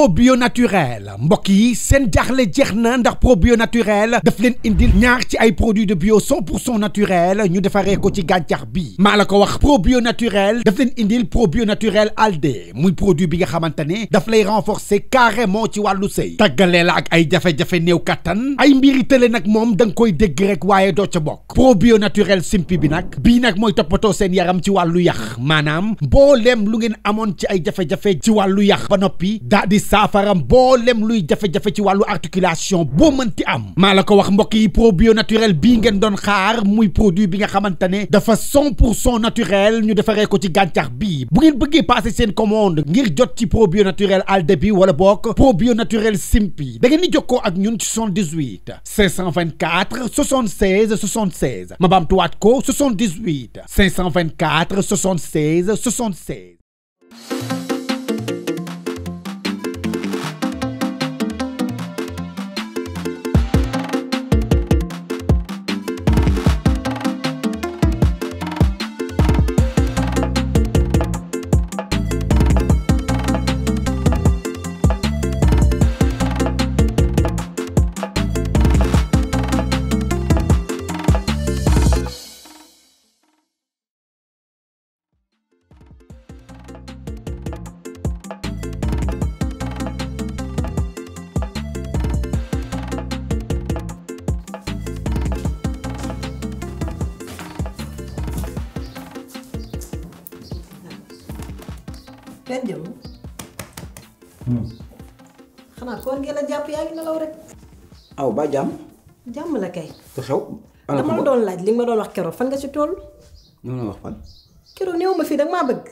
probio naturel mbokk yi seen jaaxle jeex ndax probio naturel daf leen indil ñaar ci ay de bio 100 naturel ñu defaree ko ci gàncax bi mala ko wax probio naturel daf leen indil probio naturel alde muy produit bi nga xamantane daf lay renforcer carrément ci walu sey tagalé la ak ay jafé jafé new katan ay mbiri tële nag moom dang koy dégg rek probio naturel simpi bi nak bi nak moy topoto sen yaram ci walu yax Manam. Bolem lu ngeen amone ci ay ci saafara mboolem luy jafé jafé ci walu articulation boo mënti am malako wax mbokk yi probio naturel bing ngeen don xaar muy produit bi nga xamantane dafa 100 naturel ñu defaree ko ci gàncax bi bu ngeen bëggé passer seen commande ngir jot ci probio naturel al début wala bok probio naturel simpi da ngeen di jokkoo ak ñun ci 78 524 76 76 ma baamtuwaat ko 78 524 76 76. père jëmm. xanaa koor ngeen a jàpp yaa ngi nelaw rek. aw ba jàmm. jàmm la kay. te xew. dama la doon laaj li ma doon wax keroog fan nga ci tool. ni wax fan. keroog néew ma fii da nga maa bëgg.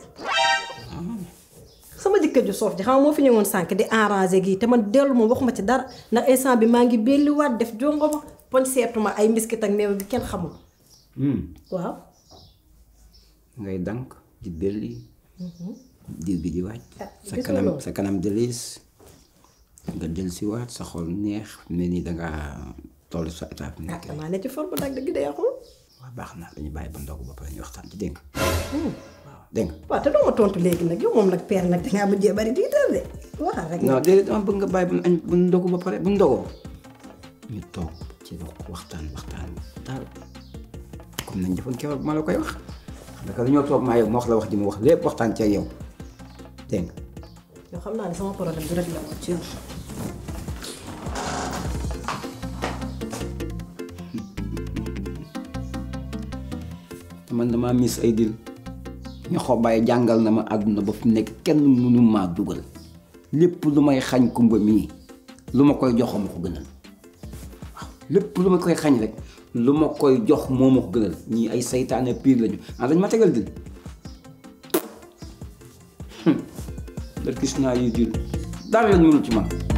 sama jëkkër ju soof ji xam moo fi ñëwoon sànq di arrangé gii te man dellu ma waxuma ci dara ndax instant bi maa ngi belliwaat def jongo ma poñ seetuma ay mbiskit ak meew bi kenn xamul. Hmm. waaw. ngay dank di belli. Mhm. diw bi di wàcc ah, sa kanam sa kanam dëliis nga del si waat sa xol neex ne nii danga toll sa étape nekk damaa ne ci forme nag baax na dañu bàyyi ba ndogu ba pare ñu dégg nga hmm. waaw dégg nga waaw tontu léegi nag yow moom nag père nag dangaa mujjee bari tiital de waxal rek non déedéet dama bëgg nga bàyyi bu añ bu ndogu ba pare bu ndogoo ñu toog ci waxtaan waxtaan daal comme nañ defoon keroog ma la koy wax xam nga ñoo toog maa yow ma wax la wax ji ma wax lépp waxtaan ci yow dégg nga. naa ne sama problème bi rek la ko ci yow. miss ay dil ñu xobaay jàngal na ma àdduna ba fi nekk kenn mënu maa dugal lépp lu may xañ kumba mii lu ma koy jox ma ko gënal lépp lu ma koy xañ rek lu ma koy jox moom ma gënal ñii ay saytaane pire lañu ah dañ ma tegal dil gis naa yi jur dara yoon mënul ci man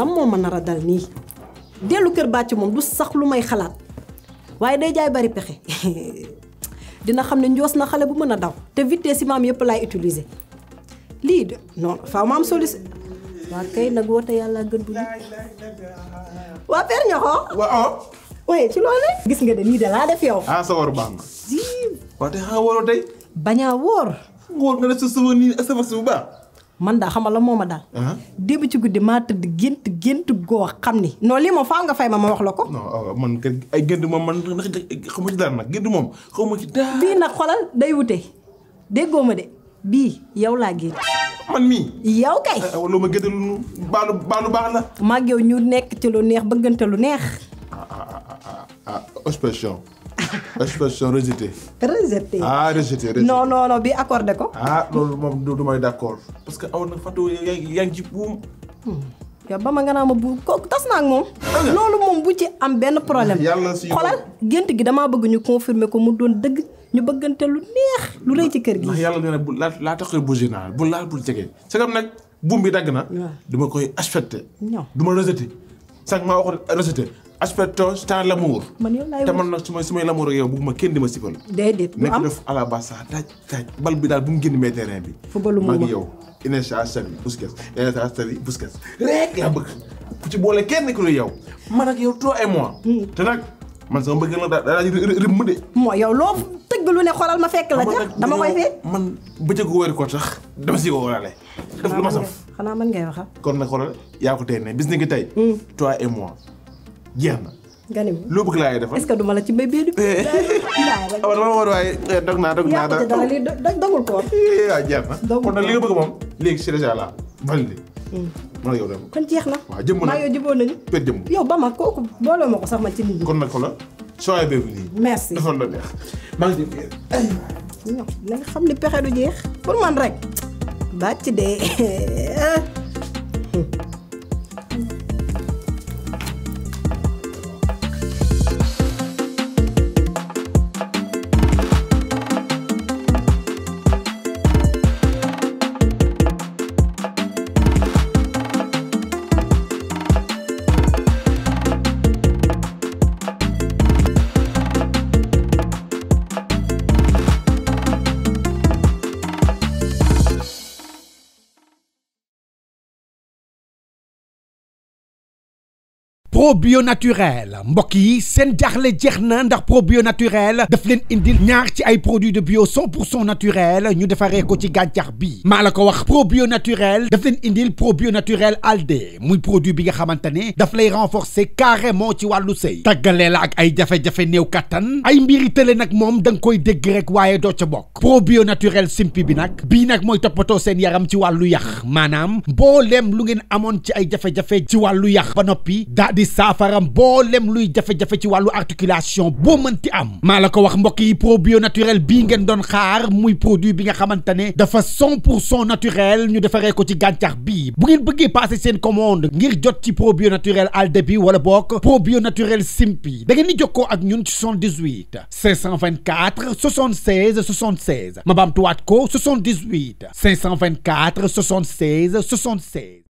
lan moo ma nar a dal nii dellu kër bàcc moom du sax lu may xalaat waaye day jaay bari pexe dina xam ne njoos na xale bu mën a daw te vitesse yi maam yëpp laay utiliser lii de non faaw ma am solution waa kay nag woote yàlla gën bu nit waa Père Niokho waaw ah. ci loolu gis nga de lii de def yow ah sa war baax na waa te xaa waroo tey bañaa woor nga def sa souvenir ak sa bu baax man daa xamal la moom ma daal. Uh-huh. démb ci guddi maa tëdd gént gént goo xam ni. non lii moom faa nga fay ma ma wax la ko. non ah, man ay gént moom man xaw ma ci dara nag moom xaw ma ci dara. bii nag xolal day wute déggoo ma de bii yow laa gént. man mii. yow kay. Eh, eh, loo ma gént lu baalu baalu baax la. maag yow ñu nekk ci lu neex bëggante lu neex. ah, ah, ah expression rejeté. rejeté ah rejeté rejeté. ko. ah loolu moom du may d'accord parce que aw na Fatou yaa ngi ci buum. Hmm. yow ba ma nga naa ma bu ko tas naa ak moom. Ah, loolu moom bu ci am benn problème. yàlla si xolal gént gi damaa bëgg ñu confirmer ko mu doon dëgg ñu bëggante lu neex lu rëy ci kër gi. yàlla nee na bu laa laa tax a bougé naa bu laal bul jege. sagam nag buum bi dagg na. duma koy aspecté. non du ma maa waxoon rejeté. aspertos tant l'amour. man man nag su ma su may l'amour ak yow bëgguma kenn di ma sifal. déedéet du am nekk def à la base sax taaj bi daal bu mu génn mais bi. footballu mu yow Inesa Achary Busquets Inesa Achary rek laa bëgg ku ci boole kenn ku ne yow man ak yow toi et moi. Hmm. te nag man sama bëgg la mu de. yow loo tëj ba lu ne xoolal ma fekk la ca dama koy fekk. man bëccëgu weer ko tax dama si ko waraale. def lu ma saf xanaa man ngay waxal. kon nag xoolal yaa ko tey ne bis ni ngi tey. Hmm. toi et moi. jeex na. nga ne lu bëgg laay defal est-ce que duma la ci mbay bee di. waaw dama woon waaye eh, dog naa dog naa. yaa dara lii dogul ko. Eh, waaw jeex na kon nag li nga bëgg moom léegi c'est déjà là validé. Hmm. mën na yow dem kon jeex na. waaw jëmm na maa yow jëboon nañu. per jëmm yow ba ma kooku booloo ma ko sax ma ci nit ñi. kon nag la sooy bébu nii. merci dafa la neex maa ngi ci. non na nga xam ni pexe du jeex pour man rek bàcc de. bio naturel mbokk yi le jaaxle probio naturel daf leen indil ñaar ci ay de bio 100 naturel ñu defaree ko ci gàncax bi wax naturel daf leen indil bio naturel alde muy produit bi nga xamantane daf renforcer carrément ci walu sey tàggalee la ak ay jafé jafé new katan ay mbiri tële nak mom dang koy dégg rek naturel simpi bi nak bi nak yaram ci walu yax maanaam mbooleem lu ngeen amone ci ay saafara mboolem luy jafé jafé ci walu articulation boo ti am malako wax mbok yi probio naturel bi ngeen don xaar muy produit bi nga xamantane de dafa 100 naturel ñu defaree ko ci gàncax bi bu ngeen bëggé passer seen commande ngir jot ci probio naturel aldebi wala bokk probio naturel simpi da ngeen di jokkoo ak ñun ci 78 524 76 76 ma baamtuwaat ko 78 524 76 76